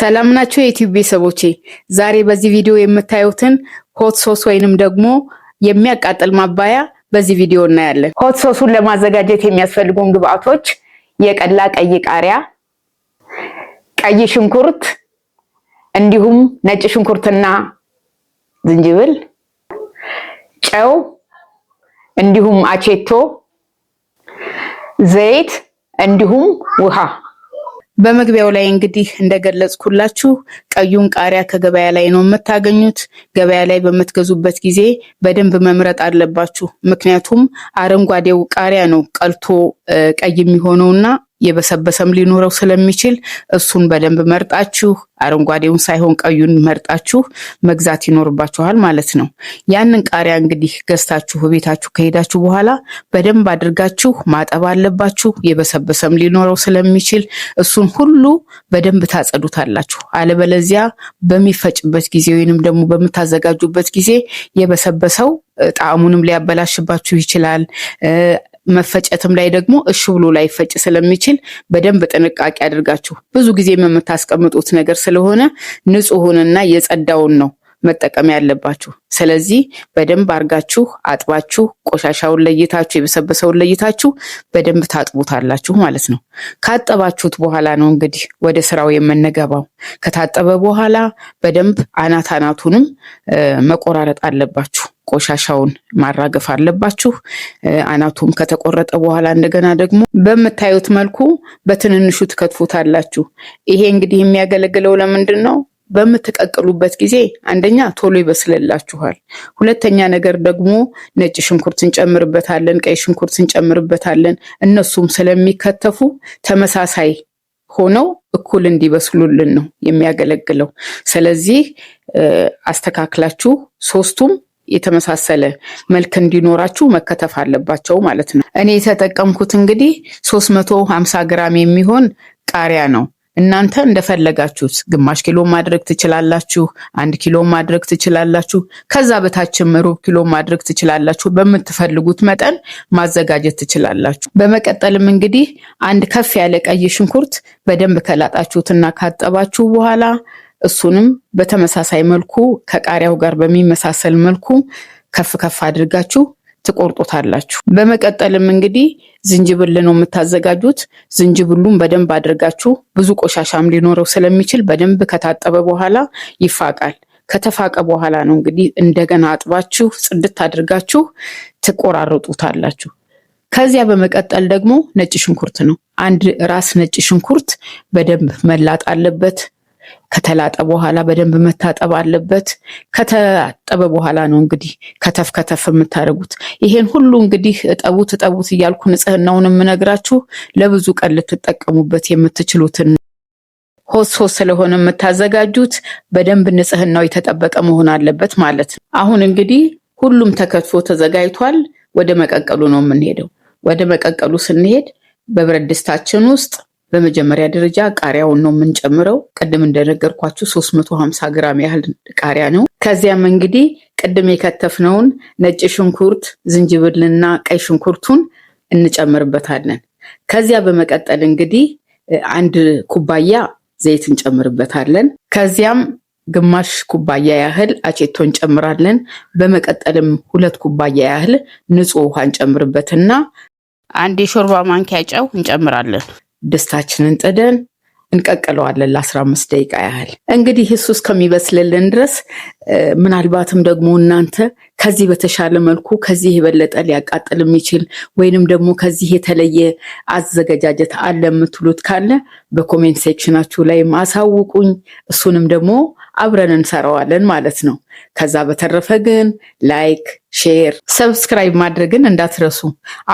ሰላም ናቸው የዩቲዩብ ቤተሰቦቼ፣ ዛሬ በዚህ ቪዲዮ የምታዩትን ሆት ሶስ ወይንም ደግሞ የሚያቃጥል ማባያ በዚህ ቪዲዮ እናያለን። ሆት ሶሱን ለማዘጋጀት የሚያስፈልጉን ግብአቶች የቀላ ቀይ ቃሪያ፣ ቀይ ሽንኩርት እንዲሁም ነጭ ሽንኩርትና ዝንጅብል፣ ጨው እንዲሁም አቼቶ ዘይት እንዲሁም ውሃ በመግቢያው ላይ እንግዲህ እንደገለጽኩላችሁ ቀዩን ቃሪያ ከገበያ ላይ ነው የምታገኙት። ገበያ ላይ በምትገዙበት ጊዜ በደንብ መምረጥ አለባችሁ። ምክንያቱም አረንጓዴው ቃሪያ ነው ቀልቶ ቀይ የሚሆነውና የበሰበሰም ሊኖረው ስለሚችል እሱን በደንብ መርጣችሁ አረንጓዴውን ሳይሆን ቀዩን መርጣችሁ መግዛት ይኖርባችኋል ማለት ነው። ያንን ቃሪያ እንግዲህ ገዝታችሁ ቤታችሁ ከሄዳችሁ በኋላ በደንብ አድርጋችሁ ማጠብ አለባችሁ። የበሰበሰም ሊኖረው ስለሚችል እሱን ሁሉ በደንብ ታጸዱታላችሁ። አለበለዚያ በሚፈጭበት ጊዜ ወይንም ደግሞ በምታዘጋጁበት ጊዜ የበሰበሰው ጣዕሙንም ሊያበላሽባችሁ ይችላል። መፈጨትም ላይ ደግሞ እሹ ብሎ ላይፈጭ ስለሚችል በደንብ ጥንቃቄ አድርጋችሁ ብዙ ጊዜ የምታስቀምጡት ነገር ስለሆነ ንጹህንና የጸዳውን ነው መጠቀም ያለባችሁ። ስለዚህ በደንብ አርጋችሁ አጥባችሁ ቆሻሻውን ለይታችሁ የበሰበሰውን ለይታችሁ በደንብ ታጥቡታላችሁ ማለት ነው። ካጠባችሁት በኋላ ነው እንግዲህ ወደ ስራው የምንገባው። ከታጠበ በኋላ በደንብ አናት አናቱንም መቆራረጥ አለባችሁ። ቆሻሻውን ማራገፍ አለባችሁ። አናቱም ከተቆረጠ በኋላ እንደገና ደግሞ በምታዩት መልኩ በትንንሹ ትከትፉታላችሁ። ይሄ እንግዲህ የሚያገለግለው ለምንድን ነው? በምትቀቅሉበት ጊዜ አንደኛ ቶሎ ይበስልላችኋል። ሁለተኛ ነገር ደግሞ ነጭ ሽንኩርት እንጨምርበታለን፣ ቀይ ሽንኩርት እንጨምርበታለን። እነሱም ስለሚከተፉ ተመሳሳይ ሆነው እኩል እንዲበስሉልን ነው የሚያገለግለው። ስለዚህ አስተካክላችሁ ሶስቱም የተመሳሰለ መልክ እንዲኖራችሁ መከተፍ አለባቸው ማለት ነው። እኔ የተጠቀምኩት እንግዲህ 350 መቶ ግራም የሚሆን ቃሪያ ነው። እናንተ እንደፈለጋችሁት ግማሽ ኪሎ ማድረግ ትችላላችሁ፣ አንድ ኪሎ ማድረግ ትችላላችሁ። ከዛ በታችም ሩብ ኪሎ ማድረግ ትችላላችሁ። በምትፈልጉት መጠን ማዘጋጀት ትችላላችሁ። በመቀጠልም እንግዲህ አንድ ከፍ ያለ ቀይ ሽንኩርት በደንብ ከላጣችሁትና ካጠባችሁ በኋላ እሱንም በተመሳሳይ መልኩ ከቃሪያው ጋር በሚመሳሰል መልኩ ከፍ ከፍ አድርጋችሁ ትቆርጦታላችሁ። በመቀጠልም እንግዲህ ዝንጅብል ነው የምታዘጋጁት። ዝንጅብሉን በደንብ አድርጋችሁ ብዙ ቆሻሻም ሊኖረው ስለሚችል በደንብ ከታጠበ በኋላ ይፋቃል። ከተፋቀ በኋላ ነው እንግዲህ እንደገና አጥባችሁ ጽድት አድርጋችሁ ትቆራርጡታላችሁ። ከዚያ በመቀጠል ደግሞ ነጭ ሽንኩርት ነው። አንድ ራስ ነጭ ሽንኩርት በደንብ መላጥ አለበት። ከተላጠ በኋላ በደንብ መታጠብ አለበት። ከተጠበ በኋላ ነው እንግዲህ ከተፍ ከተፍ የምታደርጉት። ይሄን ሁሉ እንግዲህ እጠቡት እጠቡት እያልኩ ንጽህናውን የምነግራችሁ ለብዙ ቀን ልትጠቀሙበት የምትችሉትን ሆስ ሆስ ስለሆነ የምታዘጋጁት በደንብ ንጽህናው የተጠበቀ መሆን አለበት ማለት ነው። አሁን እንግዲህ ሁሉም ተከትፎ ተዘጋጅቷል። ወደ መቀቀሉ ነው የምንሄደው። ወደ መቀቀሉ ስንሄድ በብረት ድስታችን ውስጥ በመጀመሪያ ደረጃ ቃሪያውን ነው የምንጨምረው። ቅድም እንደነገርኳችሁ 350 ግራም ያህል ቃሪያ ነው። ከዚያም እንግዲህ ቅድም የከተፍነውን ነጭ ሽንኩርት፣ ዝንጅብልና ቀይ ሽንኩርቱን እንጨምርበታለን። ከዚያ በመቀጠል እንግዲህ አንድ ኩባያ ዘይት እንጨምርበታለን። ከዚያም ግማሽ ኩባያ ያህል አቼቶ እንጨምራለን። በመቀጠልም ሁለት ኩባያ ያህል ንጹህ ውሃ እንጨምርበትና አንድ የሾርባ ማንኪያ ጨው እንጨምራለን። ድስታችንን ጥደን እንቀቅለዋለን ለአስራ አምስት ደቂቃ ያህል። እንግዲህ እሱ እስከሚበስልልን ድረስ ምናልባትም ደግሞ እናንተ ከዚህ በተሻለ መልኩ ከዚህ የበለጠ ሊያቃጥል የሚችል ወይንም ደግሞ ከዚህ የተለየ አዘገጃጀት አለ የምትሉት ካለ በኮሜንት ሴክሽናችሁ ላይ አሳውቁኝ። እሱንም ደግሞ አብረን እንሰራዋለን ማለት ነው። ከዛ በተረፈ ግን ላይክ፣ ሼር፣ ሰብስክራይብ ማድረግን እንዳትረሱ።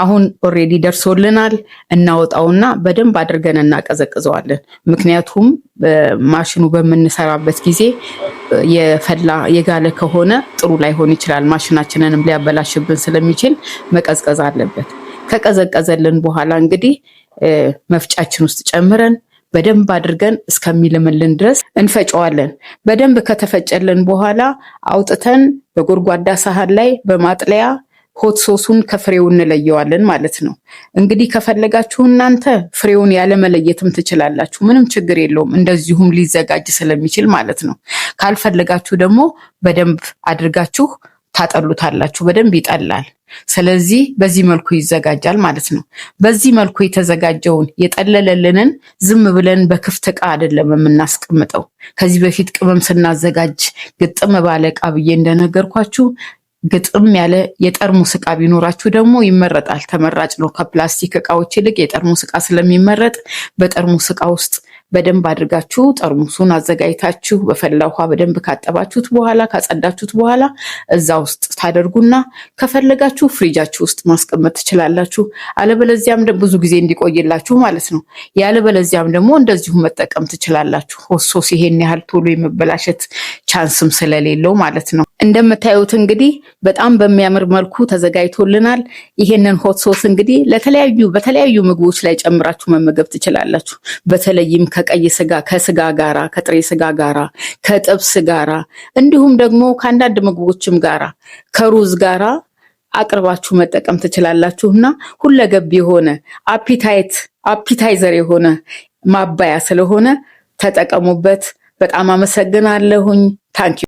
አሁን ኦሬዲ ደርሶልናል። እናወጣውና በደንብ አድርገን እናቀዘቅዘዋለን። ምክንያቱም ማሽኑ በምንሰራበት ጊዜ የፈላ የጋለ ከሆነ ጥሩ ላይሆን ይችላል። ማሽናችንንም ሊያበላሽብን ስለሚችል መቀዝቀዝ አለበት። ከቀዘቀዘልን በኋላ እንግዲህ መፍጫችን ውስጥ ጨምረን በደንብ አድርገን እስከሚልምልን ድረስ እንፈጨዋለን። በደንብ ከተፈጨልን በኋላ አውጥተን በጎድጓዳ ሳህን ላይ በማጥለያ ሆት ሶሱን ከፍሬው እንለየዋለን ማለት ነው። እንግዲህ ከፈለጋችሁ እናንተ ፍሬውን ያለመለየትም ትችላላችሁ። ምንም ችግር የለውም። እንደዚሁም ሊዘጋጅ ስለሚችል ማለት ነው። ካልፈለጋችሁ ደግሞ በደንብ አድርጋችሁ ታጠሉታላችሁ። በደንብ ይጠላል። ስለዚህ በዚህ መልኩ ይዘጋጃል ማለት ነው። በዚህ መልኩ የተዘጋጀውን የጠለለልንን ዝም ብለን በክፍት እቃ አይደለም የምናስቀምጠው። ከዚህ በፊት ቅመም ስናዘጋጅ ግጥም ባለ እቃ ብዬ እንደነገርኳችሁ ግጥም ያለ የጠርሙስ እቃ ቢኖራችሁ ደግሞ ይመረጣል፣ ተመራጭ ነው። ከፕላስቲክ እቃዎች ይልቅ የጠርሙስ ቃ ስለሚመረጥ በጠርሙስ እቃ ውስጥ በደንብ አድርጋችሁ ጠርሙሱን አዘጋጅታችሁ በፈላ ውሃ በደንብ ካጠባችሁት በኋላ ካጸዳችሁት በኋላ እዛ ውስጥ ታደርጉና ከፈለጋችሁ ፍሪጃችሁ ውስጥ ማስቀመጥ ትችላላችሁ። አለበለዚያም ብዙ ጊዜ እንዲቆይላችሁ ማለት ነው። ያለበለዚያም ደግሞ እንደዚሁ መጠቀም ትችላላችሁ። ሶስ ይሄን ያህል ቶሎ የመበላሸት ቻንስም ስለሌለው ማለት ነው። እንደምታዩት እንግዲህ በጣም በሚያምር መልኩ ተዘጋጅቶልናል። ይሄንን ሆት ሶስ እንግዲህ ለተለያዩ በተለያዩ ምግቦች ላይ ጨምራችሁ መመገብ ትችላላችሁ። በተለይም ከቀይ ስጋ ከስጋ ጋራ ከጥሬ ስጋ ጋራ ከጥብስ ጋራ እንዲሁም ደግሞ ከአንዳንድ ምግቦችም ጋራ ከሩዝ ጋራ አቅርባችሁ መጠቀም ትችላላችሁ እና ሁለገብ የሆነ አፒታይት አፒታይዘር የሆነ ማባያ ስለሆነ ተጠቀሙበት። በጣም አመሰግናለሁኝ። ታንኪዩ